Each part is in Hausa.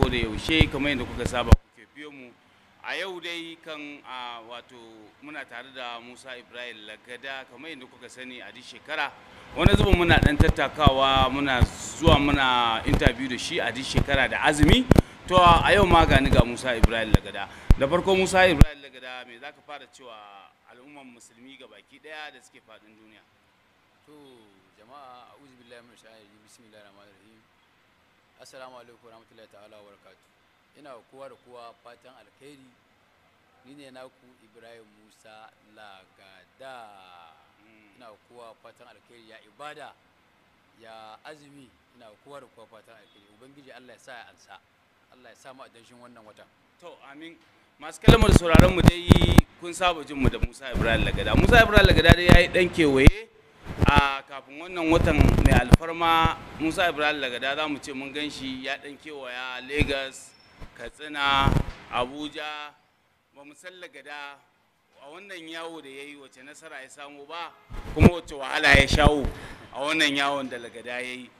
ko da yaushe kamar yadda kuka saba kuke biyo mu a yau dai kan wato muna tare da musa ibrahim lagada kamar yadda kuka sani a duk shekara wani zubin muna dan tattakawa muna zuwa muna interview da shi a duk shekara da azumi to a yau ma gani ga musa ibrahim lagada da farko musa ibrahim lagada me za ka fara cewa al'umman musulmi ga baki daya da suke faɗin duniya to jama'a a'udhu billahi minash shaitanir bismillahir rahmanir rahim assalamu alaikum warahmatullahi ta'ala wa barakatuh ina wa kowa da kowa fatan alkhairi ni ne naku ibrahim musa lagada hmm. ina wa kowa fatan alkhairi ya ibada ya azumi ina wa kowa da kowa fatan alkhairi ubangiji allah ya sa ya ansa allah ya sa mu a wannan wata to amin masu kalmar sauraron mu dai kun saba jin mu da musa ibrahim lagada musa ibrahim lagada dai ya yi dan kewaye a kafin wannan watan mai alfarma musa ibrahim lagada za mu ce mun gan shi ya dan kewaya lagos katsina abuja ba mu san lagada a wannan yawo da ya yi wace nasara ya samu ba kuma wace wahala ya shawo a wannan yawon da lagada ya yi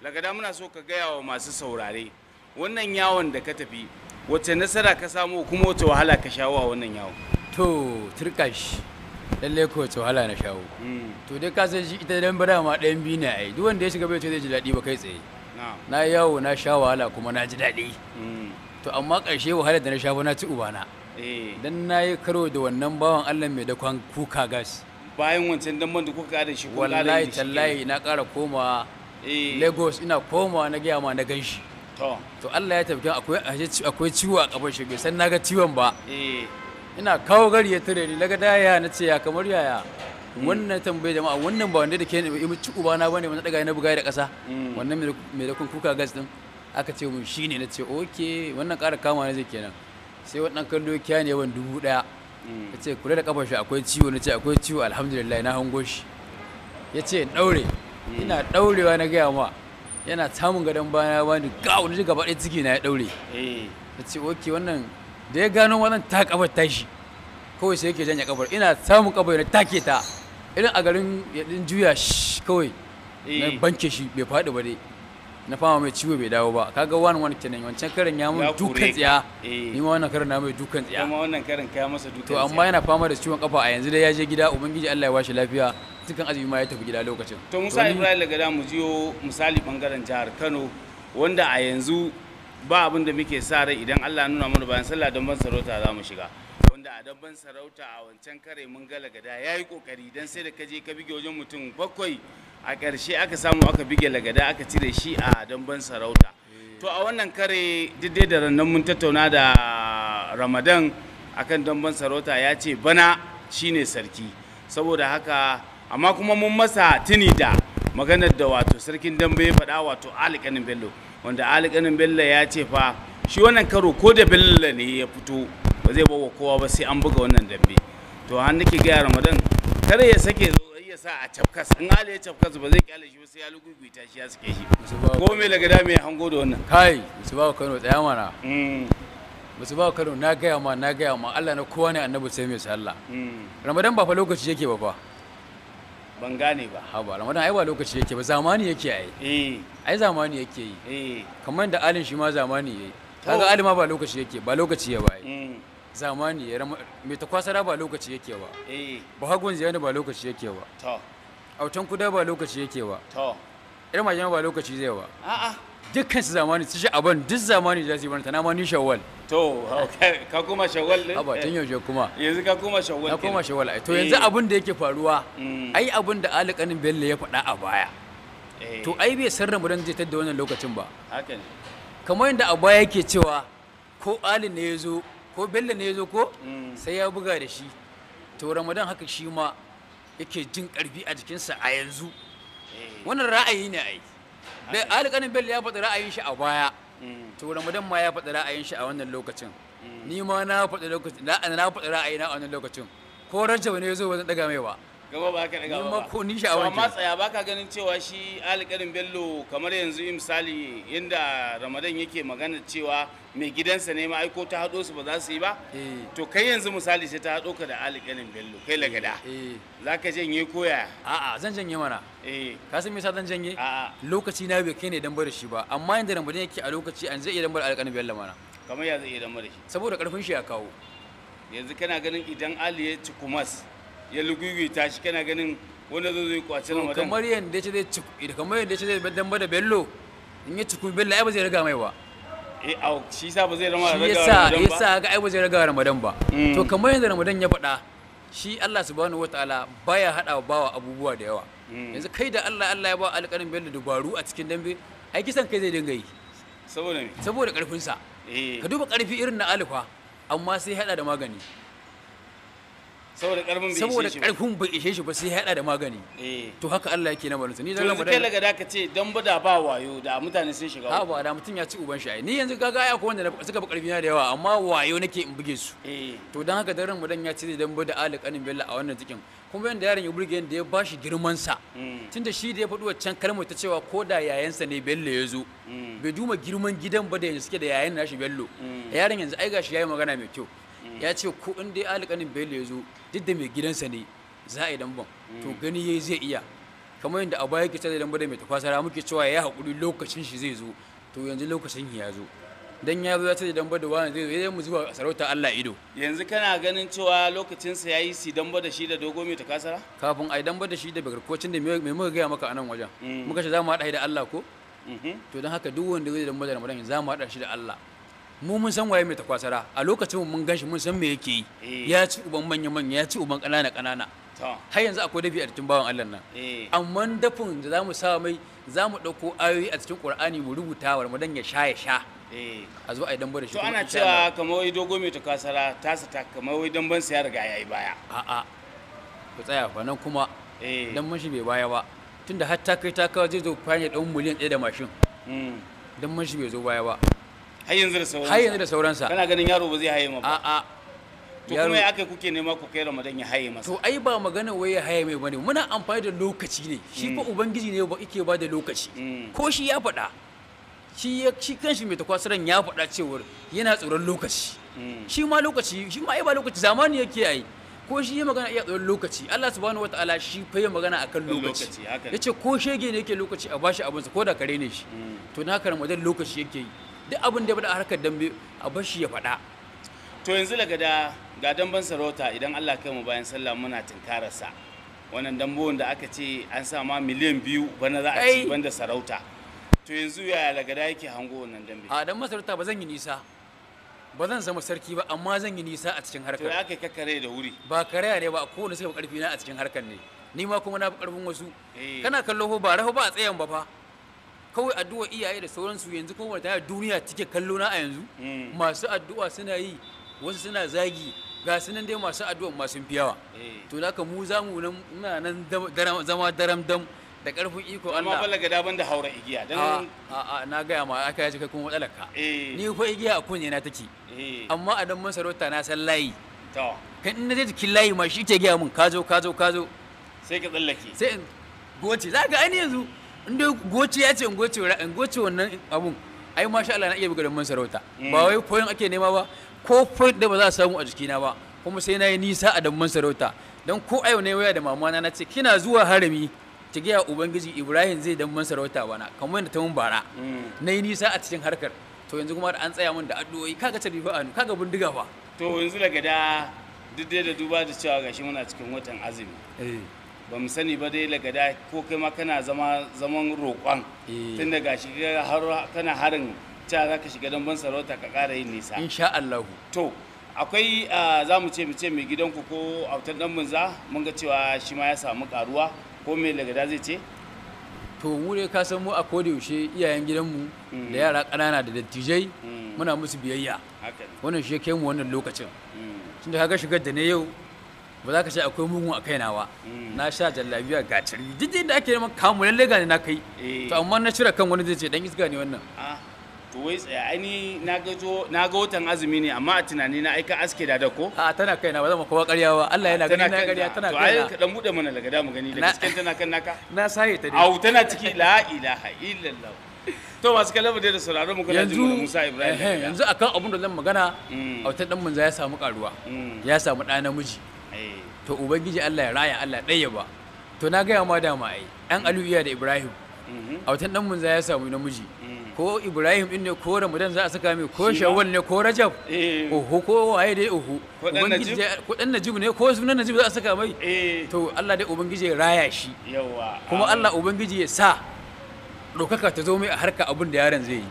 lagada muna so ka gaya wa masu saurare wannan yawon da ka tafi wace nasara ka samu kuma wace wahala ka shawo a wannan yawon to turkash lalle ko ce wahala na shawo hmm. to dai ka san shi ita dan bada ma dan biyu ne ai duk wanda ya shiga bai ce zai ji daɗi ba kai tsaye na yawo na sha wahala kuma na ji daɗi hmm. to amma ƙarshe wahala da na sha na ci ubana eh. dan na yi karo da wannan bawan Allah mai dakon kuka gas bayan wancan dan da kuka da shi wallahi tallahi na ƙara koma eh. Lagos ina koma na gaya ma na gan shi to Allah ya tabbata akwai akwai ciwo a kafar shi sai na ga ciwon ba eh. ina kawo gari ya tare ni daga daya na ce ya kamar yaya wannan tambaye jama'a wannan ba wanda da ke ne ci na bane wanda daga na buga da kasa mm. wannan mai da kuka gas din aka ce mun shine na ce oke wannan ƙara kama ne zai kenan sai wannan kallo kiya ne ban dubu daya ya mm. ce kula da kafar shi akwai ciwo na ce akwai ciwo alhamdulillah na hango shi ya ce daure mm. ina daurewa na gaya ma yana samun gadon bana bani gawo na ji gaba ɗaya ciki eh. na ya daure ya ce oke wannan da ya gano wannan ta kabar tashi kawai sai yake janye kabar ina samun kabar na take ta irin a garin ya din juya shi kawai na eh. banke shi bai faɗi ba dai na fama mai ciwo bai dawo ba kaga wani wani kenan wancan karin ya mun dukan tsiya eh. ni ma wannan karin na mai dukan tsiya kuma wannan karin kai masa dukan to amma yana fama da ciwon kafa a yanzu dai ya je gida ubangiji Allah ya washe lafiya cikin azumi ma ya tafi gida lokacin to Musa Ibrahim daga da mu jiyo misali bangaren jihar Kano wanda a yanzu ba abin da muke sa rai idan Allah nuna mana bayan sallah don ban sarauta za mu shiga wanda a dabban sarauta a wancan kare mun galagada ya yi kokari don sai da kaje ka bige wajen mutum bakwai a ƙarshe aka samu aka bige lagada aka cire shi a dabban sarauta to a wannan kare daidai da rannan mun tattauna da ramadan akan dabban sarauta ya ce bana shine sarki saboda haka amma kuma mun masa tuni da maganar da wato sarkin dambe ya faɗa wato alƙanin bello wanda alƙanin bello ya ce fa shi wannan karo ko da bello ne ya fito ba zai bawa kowa ba sai an buga wannan dambe to har nake gaya ramadan kada ya sake ya sa a cafkas in ala ya cafkas ba zai kyale shi ba sai ya luguguita shi ya sake shi ko mai da mai hango da wannan kai musu ba kano tsaya mana musu mm. ba kano na gaya ma na gaya ma Allah na kowa ne annabi sai mai sallah mm. ramadan ba fa lokaci yake ba fa ban gane ba haba ba ramadan ai ba lokaci yake ba zamani yake ai eh ai zamani yake yi eh kamar da alin shi ma zamani yayi kaga alima ba lokaci yake ba lokaci ya bai eh. zamani ya mai ta kwasara ba lokaci yake ba eh bahagun ziyani ba lokaci yake ba to autan kuda ba lokaci yake ba to irin majama ba lokaci zai ba a'a dukkan su zamani su shi abin duk zamani za su yi baranta na ma ni shawwal to ka kuma shawwal din aba tun yaushe kuma yanzu ka kuma shawwal na kuma shawwal ai to yanzu eh. abin da yake faruwa mm. ai abin da alƙanin bello ya faɗa a baya eh. to ai bai san mu don zai da wannan lokacin ba haka ne kamar yadda a baya yake cewa ko ali ne ya zo ko bello ne ya zo ko mm. sai ya buga da shi to ramadan haka shi ma yake jin karfi a jikinsa a yanzu eh. wannan ra'ayi ne ai alƙanin bell ya faɗi ra'ayin shi a baya mm. to ramadan ma ya faɗi ra'ayin shi a wannan lokacin mm. ni ma na faɗi lokacin na faɗi ra'ayi na a wannan lokacin ko rajab ne ya zo wajen daga mai ba gaba ba ka da gaba ba ko ni sha amma tsaya baka ganin cewa shi alƙarin bello kamar yanzu misali yanda ramadan yake magana cewa mai gidansa ne ma aiko ta hado su ba za su yi ba eh. to kai yanzu misali sai ta hado ka da alƙarin bello kai lagada eh, eh. za ka janye koya a'a zan janye mana ka san me yasa zan janye lokaci na bai kai ne dan bar shi ba amma yanda ramadan yake a lokaci an zai iya dan bar alƙarin bello mana kamar ya zai iya dan bar shi saboda karfin shi ya kawo yanzu kana ganin idan ali ya ci kumas ya ta shi kana ganin wanda zai zai kwace eh, na kamar yanda yace zai ciku kamar yanda yace zai damba da bello in ya ku bello ai ba zai riga mai ba eh au shi yasa ba zai rama riga ramadan ba shi yasa ga ai ba zai riga ramadan ba mm. to kamar yanda ramadan ya faɗa shi Allah subhanahu wataala baya hada bawa abubuwa da yawa mm. yanzu kai da Allah Allah ya ba alƙarin bello dubaru a cikin dambe ai kisan kai zai dinga yi saboda me saboda karfin sa eh. ka duba karfi irin na alifa amma sai hada da magani saboda karfin bai saboda karfin bai ishe shi ba sai hada da magani eh. to haka Allah yake na barinsa ni zan lamba kai laga da ka ce dan bada ba wayo da mutane sun shiga ha ba da mutum ya ci uban shi ni yanzu gaga ya ko wanda suka fi karfi na da yawa amma wayo nake in buge su eh. to dan haka daren mudan ya ce dan bada alƙanin bella a wannan cikin kuma yanda yaron ya burge yanda ya bashi girman sa hmm. tunda shi da ya faɗi wancan kalmar ta cewa ko da yayansa ne bello ya zo hmm. bai duma girman gidan ba da yanzu suke da yayan nashi bello hmm. yaron yanzu ai gashi yayi magana mai kyau ya ce ko in dai alƙalin bello ya zo duk da mai gidansa ne za a yi dambon to hmm. gani ya zai iya kamar yadda a baya ta da dambon da mai tafasara muke cewa ya haƙuri lokacin shi zai zo to yanzu lokacin ya zo dan ya zo ya tare dambon da wani zai zo ya mu zuwa sarauta Allah ido yanzu kana ganin cewa lokacin sa yayi si dambon da shi da dogo mai tafasara kafin ai dambon da shi da bagarkocin da mai muka gaya maka a nan wajen hmm. muka ce za mu haɗa da Allah ko mm-hmm. to don haka duk wanda zai dambon da Ramadan za mu haɗa shi da Allah mu mun san waye mai takwasara a lokacin mun ganshi mun san me yake yi eh. ya ci uban manya manya ya ci uban kanana kanana har yanzu akwai dafi a cikin bawan Allah nan eh. amma dafin da zamu sa mai zamu dauko ayoyi a cikin Qur'ani mu rubuta wa Ramadan ya sha ya sha eh. a zo a yi dambar da shi to ana cewa kamar wai dogo mai takwasara sa ta kamar wai damban sa ya riga yayi baya a'a ku tsaya fa nan kuma dan shi bai baya ba tunda har ta kai ta kawo zai zo kwanye dan miliyan 1 da mashin hmm. dan shi bai zo baya ba har yanzu da sauransa har yanzu da sauransa kana ganin yaro ba zai haye ma ba a'a to kuma ya aka kuke nema ku kai Ramadan ya haye masa to ai ba magana wai ya haye mai bane muna amfani da lokaci ne shi fa mm. ubangiji ne yake ba da lokaci mm. ko shi ya faɗa shi ya shi kanshi mai takwasiran ya faɗa cewar yana tsoron lokaci mm. shi ma lokaci shi ma ai ba lokaci zamani yake ai ko shi ya magana iya tsoron lokaci Allah subhanahu wataala shi fa ya magana akan lokaci yace ko shege ne yake lokaci a bashi abinsa ko da kare ne shi to na karamadan lokaci yake yi duk abin da ya faɗa harkar dambe a bashi ya faɗa to yanzu daga da ga damben sarauta idan Allah kai mu bayan sallah muna tunkararsa wannan dambon da aka ce an sa ma miliyan biyu bana za a ci banda sarauta to yanzu yaya daga da yake hango wannan dambe a dan masarauta ba zan yi nisa ba zan zama sarki ba amma zan yi nisa a cikin harkar to ya kai kakare da wuri ba kare ne ba kowane ba karfi na a cikin harkar ne ni ma kuma na ba karfin wasu eh. kana kallo ba raho ba a tsayan ba fa kawai addu'a iyaye da sauransu yanzu kuma wata yaya duniya take kallo na a yanzu hmm. masu addu'a suna yi wasu suna zagi ga su nan dai masu addu'a masu yawa. Eh. to da ka mu za mu nan nan zama daram dam da karfin iko Allah amma balaga daban da haura igiya dan a ah, a ah, ah, na ga ma aka yaji kai kuma matsalar ka eh. ni ko igiya a kunne na take eh. amma a dan masarauta na san layi to kan in je jikin layi ma shi ke gaya mun ka zo ka zo ka zo sai ka tsallake sai in goce za ga ainihin yanzu inda goce ya ce in goce in goce wannan abun ai masha Allah na iya buga man sarauta eh. ba wai koyon ake nema ba ko point da ba za a samu a jikina ba kuma sai na yi nisa a damman sarauta don ko a yau ne waya da mamana na ce kina zuwa harami ta gaya ubangiji ibrahim zai damman sarauta bana kamar yadda ta mun bara hmm. na yi nisa a cikin harkar to yanzu kuma an tsaya min da addu'o'i kaga ta rifa anu kaga bindiga fa to yanzu daga da duk da duba da cewa gashi muna cikin watan azumi eh. ba mu sani ba dai lagada ko kai ma kana zama zaman roƙon eh. tun daga shi har kana harin ta za ka shiga damban sarauta ka ƙara yin nisa insha Allah to akwai za mu ce mu ce mai gidanku ko autan dan munza mun ga cewa shi ma ya samu karuwa ko mai lagada zai ce to mu ne ka san mu a koda yaushe iyayen gidanmu mm. da yara ƙanana da dattijai mm. muna musu biyayya wannan shi ya kai mu wannan lokacin mm. tun da shigar da ne yau ba za ka ce akwai mugun a kaina ba mm. na sha jallabiya ga cirbi duk da ake neman kamu lalle gane na kai eh. to amma na cire kan wani zai ce dan iska ne wannan ah, to wai tsaya ani na ga jo na ga watan azumi ne amma a tunani na aika aske da da ko a tana kaina ba mu kowa ƙarya ba Allah yana gani na ƙarya tana kaina to ai ka dan bude mana da mu gani da gaskiya tana kan naka na sai ta dai au tana ciki la ilaha illallah to masu kallon da sauraron mu kana jin Musa Ibrahim eh, eh, yanzu akan abun da zan magana a mm. autan dan manzo ya samu karuwa mm. ya samu ɗa namiji to ubangiji Allah ya raya Allah ɗaya ba to na gaya ma dama ai ɗan alu'iya da ibrahim mhm. a watan ɗan munza ya samu namiji mhm. ko ibrahim ɗin ne ko ramadan za a saka mai ko shawwal ne ko rajab uhu eh. ko waye dai uhu ko ɗan najib ne ko sunan najib za a saka mai eh. to Allah dai ubangiji ya raya shi kuma Allah ubangiji ya sa ɗaukaka ta zo mai a harka abin da yaron zai yi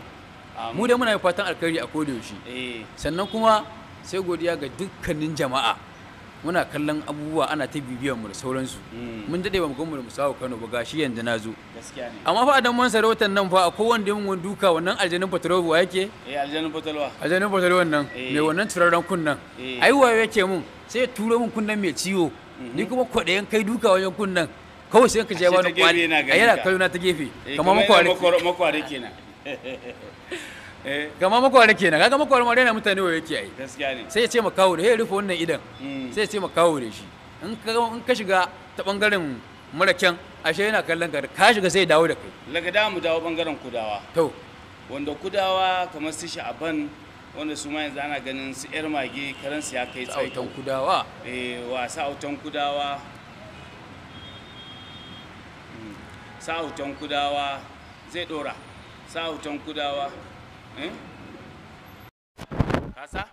mu da muna fatan alkhairi a koda eh. sannan kuma sai godiya ga dukkanin jama'a muna kallon abubuwa ana ta bibiyar mu da sauransu hmm. mun dade ba mu gamu da musawo Kano ba gashi yanzu na zo amma fa adan man watan nan fa a wanda da yawan duka wannan aljanin fatalwa yake eh aljanin fatalwa aljanin fatalwa nan eh. mai wannan turaren kunnan eh. ai wa yake mun sai ya turo mun kunnan mai ciwo mhm. ni kuma kwaɗayen kai duka wajen kunnan kawai sai ka je wani kwari a yana na ta gefe eh, kamar makwari kenan Eh. gama makwara kenan kaga makwara na yana mutane wa yake yi sai ya ce ma kawo da ya rufe wannan idan mm. sai ya ce ma kawo da shi in ka shiga ta bangaren maraken ashe yana kallon ka ka shiga sai ya dawo da kai Laga da mu dawo bangaren kudawa to wanda kudawa kamar su sha'aban wanda su ma yanzu ana ganin su yar mage karan su ya kai tsaye sautan kudawa eh wa sautan kudawa mm. sautan kudawa zai dora sautan kudawa Hmm? kasa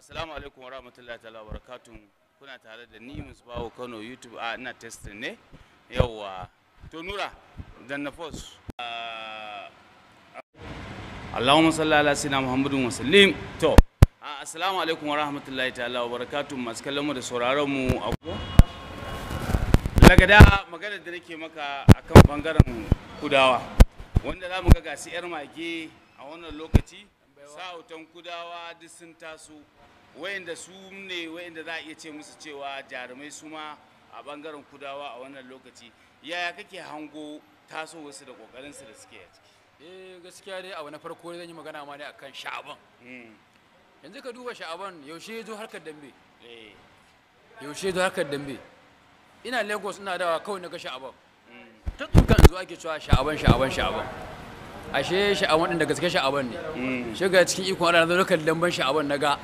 assalamu alaikum wa rahmatullahi ta'ala wa barakatun kuna tare da ni musbawo kano youtube a ah, ina testing ne yawwa to nura dan na fos ah, Allahumma salli ala sayyidina Muhammadin wa sallim to ah, assalamu alaikum wa rahmatullahi ta'ala wa barakatun masu kallon mu da sauraron mu a lagada maganar da nake maka akan bangaren kudawa wanda za mu ga gasi yar mage a wannan lokaci sa'autan kudawa duk sun taso wayanda su ne wayanda za a iya ce musu cewa jarumai su ma a bangaren kudawa a wannan lokaci yaya kake hango taso wasu da kokarinsu da suke ciki eh gaskiya dai abu na farko zan yi magana ma ne akan sha'aban hmm. yanzu ka duba sha'aban yaushe ya zo harkar dambe eh. yaushe zo harkar dambe ina lagos ina dawa kawai na ga sha'aban ta hmm. tsukan zo ake cewa sha'aban sha'aban sha'aban ashe sha'awan ɗin da gaske sha'awan ne mm. shiga cikin ikon Allah na lokacin lamban sha'awan ga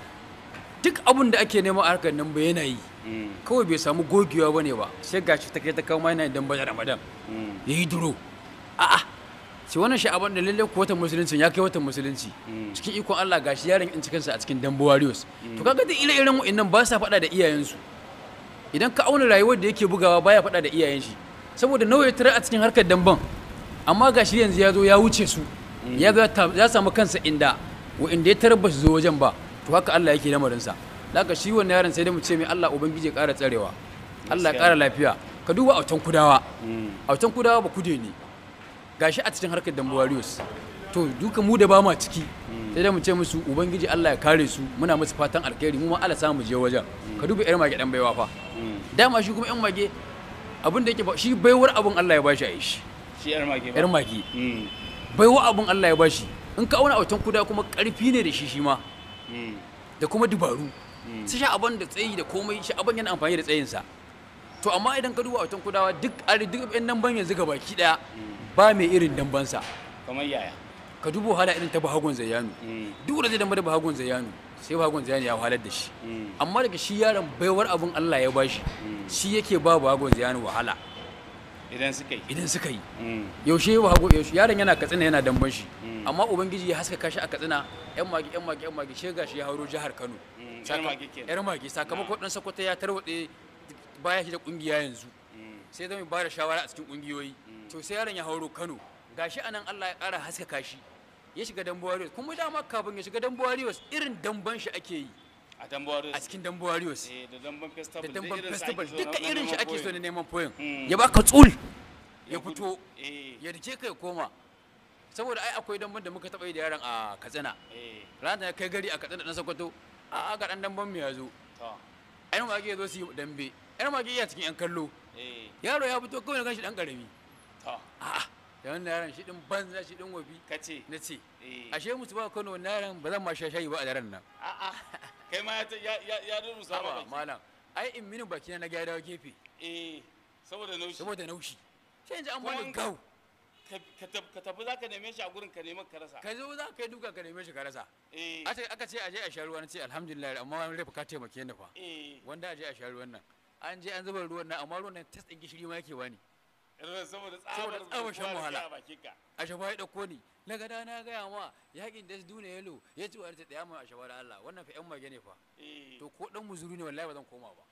duk abun da ake nema a harkar nan ba yana yi mm. kawai bai samu gogewa ba ne ba sai shi ta kai ta kawo mai nan dan da Ramadan mm. ya yi duro a'a ce wannan sha'awan da lalle kowatan musulunci ya kai watan musulunci cikin ikon Allah gashi yaron in cikinsa sa a cikin Dambo Warriors to kaga da ire iren wa'annan ba sa faɗa da iyayensu idan ka auna rayuwar da yake bugawa baya faɗa da iyayen shi saboda nawa ya tara a cikin harkar damban amma ga shi yanzu ya zo ya wuce su ya zo ya samu kansa inda wa inda ya tarba su zo wajen ba to haka Allah yake lamarinsa laka shi wannan yaron sai dai mu ce mai Allah ubangiji ya ƙara tsarewa Allah ya ƙara lafiya ka duba a wutan kudawa hmm. a wutan kudawa ba kude ne gashi a cikin harkar dambu warriors to duka mu da ba ma ciki hmm. sai dai mu ce musu ubangiji Allah ya kare su muna musu fatan alkhairi mu ma Allah sa mu je wajen hmm. ka duba irin mage dan baiwa fa dama shi kuma yan mage abin da yake shi baiwar abun Allah ya bashi a yi shi shi yar ba yar maki hmm. bai wa abun Allah ya bashi in ka auna autan kuda kuma karfi ne da shi shi ma hmm. da kuma dubaru hmm. su sha abin da tsayi da komai shi abin yana amfani da tsayinsa to amma idan ka duba autan kudawa duk ari duk yan damban yanzu ga baki daya ba mai irin dambansa kamar yaya ka dubo hala irin ta bahagon zayanu duk da zai damba da bahagon zayanu sai bahagon zayanu ya wahalar da shi amma daga shi yaron baiwar abin Allah ya bashi shi yake ba bahagon zayanu wahala idan suka yi idan suka yi mm. yaushe yaushe yaron yana katsina yana damban shi mm. amma ubangiji ya haska kashi a katsina yan magi yan magi yan magi shi gashi ya hauro jihar Kano yar mm, magi sakamakon dan sakwata ya tarwade baya shi da kungiya yanzu sai zan ba da shawara a cikin kungiyoyi to sai yaron ya hauro Kano gashi anan Allah ya kara haska kashi ya shiga dambuwa kuma dama kafin ya shiga dambuwa irin damban shi ake yi a dambuwarios cikin dambuwarios eh, da damban festival da damban festival duka irin shi ake so na neman poyin hmm. ya baka tsul ya fito eh. ya rike ya koma saboda ai akwai damban da muka taba yi da yaran a katsina eh. ranar ya kai gari a katsina dan sokoto a ga dan damban mu ya zo ai mage ya zo su yi dambe ai magi ya cikin yan kallo yaro ya fito kawai ganshi dan karami a'a da wannan yaran shi din banza shi din wabi na ce. ashe musu ba Kano wannan yaran ba zan ma shayi ba a daren nan kai ma ya ya durmusa ba baki malam ai in mini baki na ga dawo gefe eh saboda naushi saboda naushi sai yanzu an bani gau ka tafi za ka neme shi a gurin ka neman ka rasa ka zo za ka yi duka ka neme shi ka rasa eh. aka ce je a sha ruwa na ce alhamdulillah amma wani rafa ka taimake ni fa eh. wanda aje a sha ruwan nan an je an zuba ruwan nan amma ruwan nan tas ɗin gishiri ma yake wani saboda tsabar shan wahala a shafa ya dauko ni na gada na gaya ma yakin da duna yalo ya ci wani ta tsaya mun a shafa Allah wannan fa yan mage ne fa eh. to ko dan muzuru ne wallahi ba zan koma ba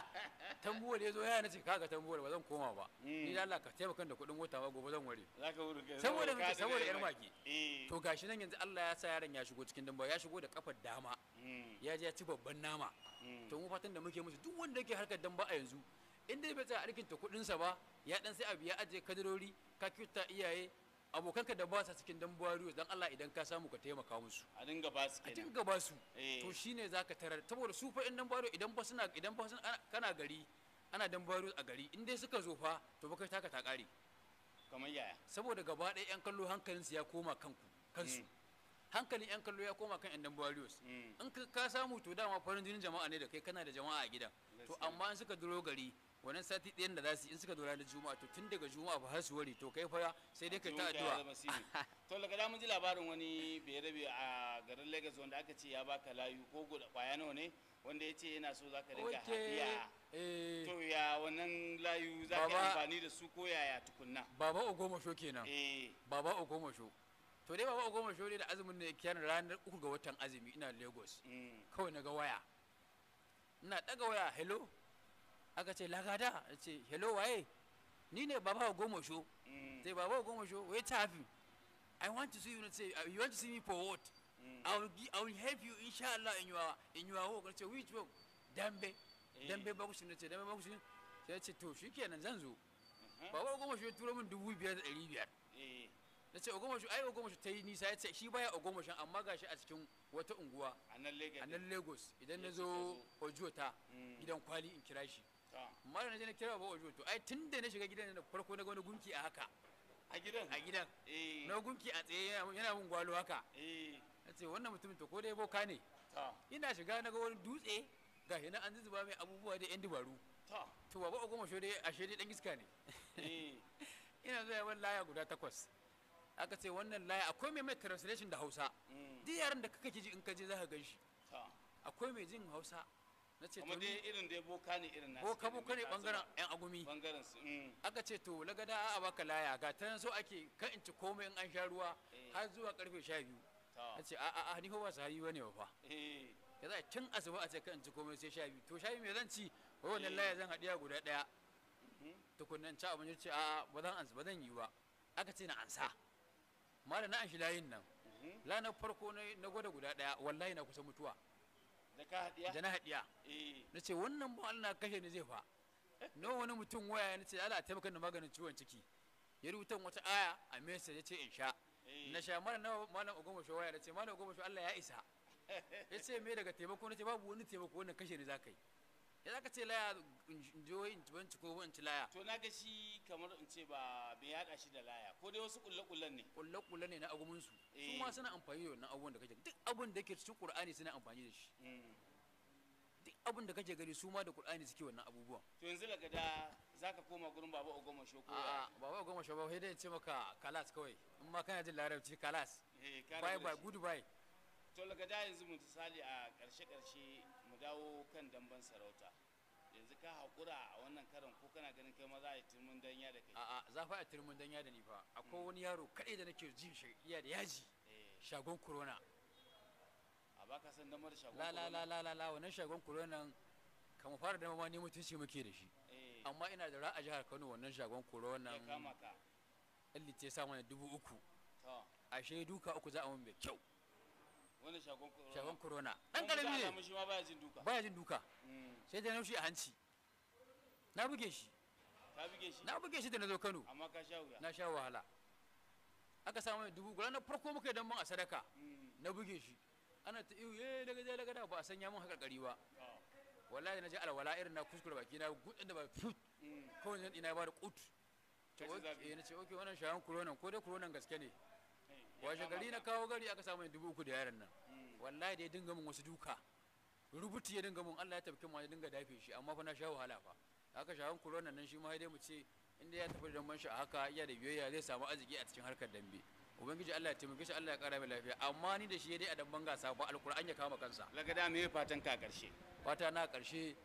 tambuwar ya zo ya nace kaga tambuwar ba zan koma ba hmm. ni da Allah ka taimaka da kuɗin mota ba gobe zan ware saboda muke saboda yar mage eh. to gashi nan yanzu Allah ya sa yaron ya shigo cikin damba ya shigo da kafar dama hmm. ya je ya ci babban nama hmm. to mu fatan da muke musu duk wanda yake harkar damba a yanzu in dai bai tsaya arkinta kuɗinsa ba ya dan sai abu ya ajiye kadarori ka kyuta iyaye abokanka da ba sa cikin dan buwariyo dan Allah idan ka samu ka taimaka musu a dinga ba su kenan a dinga ba su eh. to shine zaka tarar saboda su fa in dan buwariyo idan ba suna idan ba suna kana gari ana dan buwariyo a gari in dai suka zo fa to baka taka ta kare kamar yaya saboda gaba ɗaya yan kallo hankalinsu ya koma kanku kansu mm. hankalin yan kallo ya koma kan yan dan mm. in ka samu to dama farin jinin jama'a ne da kai kana da jama'a a gidan to amma in suka duro gari wannan sati ɗayan da za su in suka zo ranar juma'a to tun daga juma'a ba har su wari to kai fa sai dai ka ta addu'a to daga mun ji labarin wani bai a garin Lagos wanda aka ce ya baka layu ko goda kwaya nawa ne wanda ya ce yana so za ka dinga hadiya eh. to ya wannan layu za ka amfani da su ko yaya tukunna baba ogomasho kenan eh. baba ogomasho to dai baba ogomasho ne da azumin ne kiyan ranar uku ga watan azumi ina Lagos mm. kawai na ga waya ina daga waya hello aka ce lagada A ce hello waye ni ne baba goma sho mm. sai baba goma sho wai tafi i want to see you say uh, you want to see me for what i mm. will i will help you inshallah in your in your work ce which work dambe mm. dambe ba ku shi ce dambe ba ku shi sai ce to shikenan zan zo mm-hmm. baba goma sho turo min dubu biyar da dari biyar eh. na ce ogomashu ai shi ta yi nisa ya ce shi baya ogomashu amma shi a cikin wata unguwa a nan lagos idan na zo ojuta gidan kwali in kira shi mara na je na kira ba ojo to ai tun da na shiga gidan na farko na wani gunki a haka a gidan a gidan eh. na gunki a tsaye yana mun gwalo haka eh. na ce wannan mutumin to ko dai boka ne ina shiga na ga wani dutse ga hina an zuba mai abubuwa da yan dubaru to baba ogoma sho dai ashe dai dan iska ne eh. ina zai wani laya guda takwas aka ce wannan laya akwai mai mai translation da hausa mm. duk yaran da kake ji in ka je za ka gan shi akwai mai jin hausa na ce to dai irin dai boka ne irin nasu boka boka ne bangaren yan agumi bangaren su mm. aka ce to lagada a baka laya ga ta so ake kan in ci komai in an sha ruwa eh. har zuwa karfe 12 a ce a a ni ko ba sahabi bane ba fa eh. ya za tun asuba a ce kan in ci komai sai biyu to biyu me zan ci ko wannan eh. laya zan haɗiya guda ɗaya mm-hmm. tukunan ci abin ce a ba zan ansa ba zan yi ba aka ce na ansa malam na an shi layin nan mm-hmm. lanar farko na gwada guda ɗaya wallahi na kusa mutuwa da na haɗiya eh. na ce wannan ba Allah kashe ni zai fa no wani mutum waya na ce Allah taimaka da maganin ciwon ciki ya rubuta wata aya a mesa ya ce in sha eh. na sha mana na malam ogoma waya na ce malam ogoma Allah ya isa ya ce me daga taimako na ce babu wani taimako wannan kashe ni za ka yi idan ka ce laya jihohi in ci ko in ci laya to na ga shi kamar in ce ba bai yada shi da laya ko dai wasu kulle kullen ne kulle kullen ne na agumin su su eh. ma suna amfani da wannan abubuwan da kake duk abun da ke cikin qur'ani suna amfani da shi mm. duk abun da kake gani su ma da qur'ani suke wannan abubuwan to yanzu daga da zaka koma gurin baba ogoma sho ko a baba ogoma sho ba sai dai ce maka kalas kawai in ma kana jin larabci kalas eh, bye bye goodbye to daga da yanzu mutasali a karshe karshe mu dawo kan damban sarauta yanzu ka haƙura a wannan karan ko kana ganin kai ma za a yi turmin danya da kai a'a za fa a turmin danya da ni fa akwai hmm. wani yaro kaɗai da nake jin shi iya da yaji eh. shagon corona a baka san damar shagon la la la la la wannan shagon corona ka mu fara dama ne mutunci muke da shi eh. amma ina da ra'a jihar Kano wannan shagon corona ya kama ka Allah ya sa mana dubu uku ashe duka uku za a mun mai kyau shagon corona shagon corona dan karami ne shi ma baya jin duka baya jin duka mm. sai da naushi a hanci na buge shi ka buge shi na buge shi da na zo Kano amma ka sha wahala na sha wahala aka samu dubu guda na farko muka dan mun a sadaka mm. na buge shi ana ta iyo eh daga daga daga ba a sanya mun haka kari ba ah. wallahi na ji alwala irin na kuskure baki na gudun da ba fut mm. kawai ina ba da kut ce eh, na ce ok wannan shayan kuronan ko dai kuronan gaske ne washe gari na kawo gari aka samu dubu uku da yaran nan wallahi da ya dinga min wasu duka rubutu ya dinga mun Allah ya tabbace mu ya dinga dafe shi amma fa na sha wahala fa haka shahan corona nan shi ma dai mu ce inda ya tafi da man shi haka iya da biyayya zai samu arziki a cikin harkar dambe ubangiji Allah ya taimake shi Allah ya kara mai lafiya amma ni da shi dai a damban gasa ba alkur'an ya kama kansa da me fatan ka karshe fata na karshe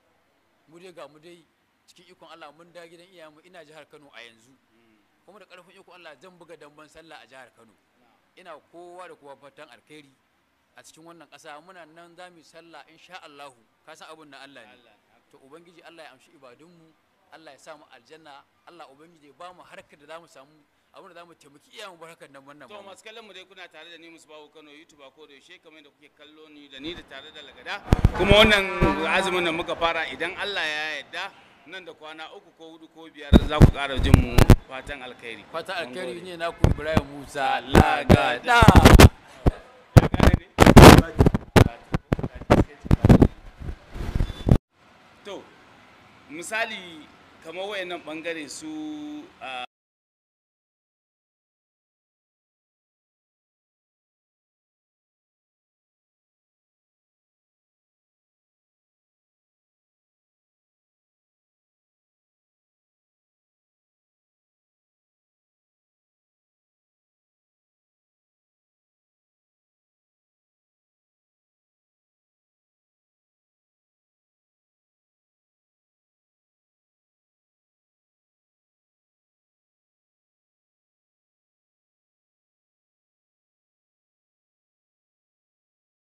mu dai ga mu dai cikin ikon Allah mun da gidan iyayenmu ina jihar Kano a yanzu hmm. kuma da karfin ikon Allah zan buga damban sallah a jihar Kano ina kowa da kowa fatan alkhairi a cikin wannan ƙasa muna nan za mu yi sallah insha Allahu ka san abun na Allah ne to ubangiji Allah ya amshi ibadun mu Allah ya sa mu aljanna Allah ubangiji ya ba mu harkar da za samu abin da za mu taimaki iyayen barkar nan wannan to masu kallon mu dai kuna tare da ni musu bawo Kano YouTube ko da yaushe kamar da kuke kallo ni da ni da tare da lagada kuma wannan azumin da muka fara idan Allah ya yarda nan da kwana uku ko hudu ko biyar za ku ƙara jin mu fatan alkhairi fatan alkhairi ne na ku Ibrahim Musa lagada to misali kamar wayannan bangare su ah,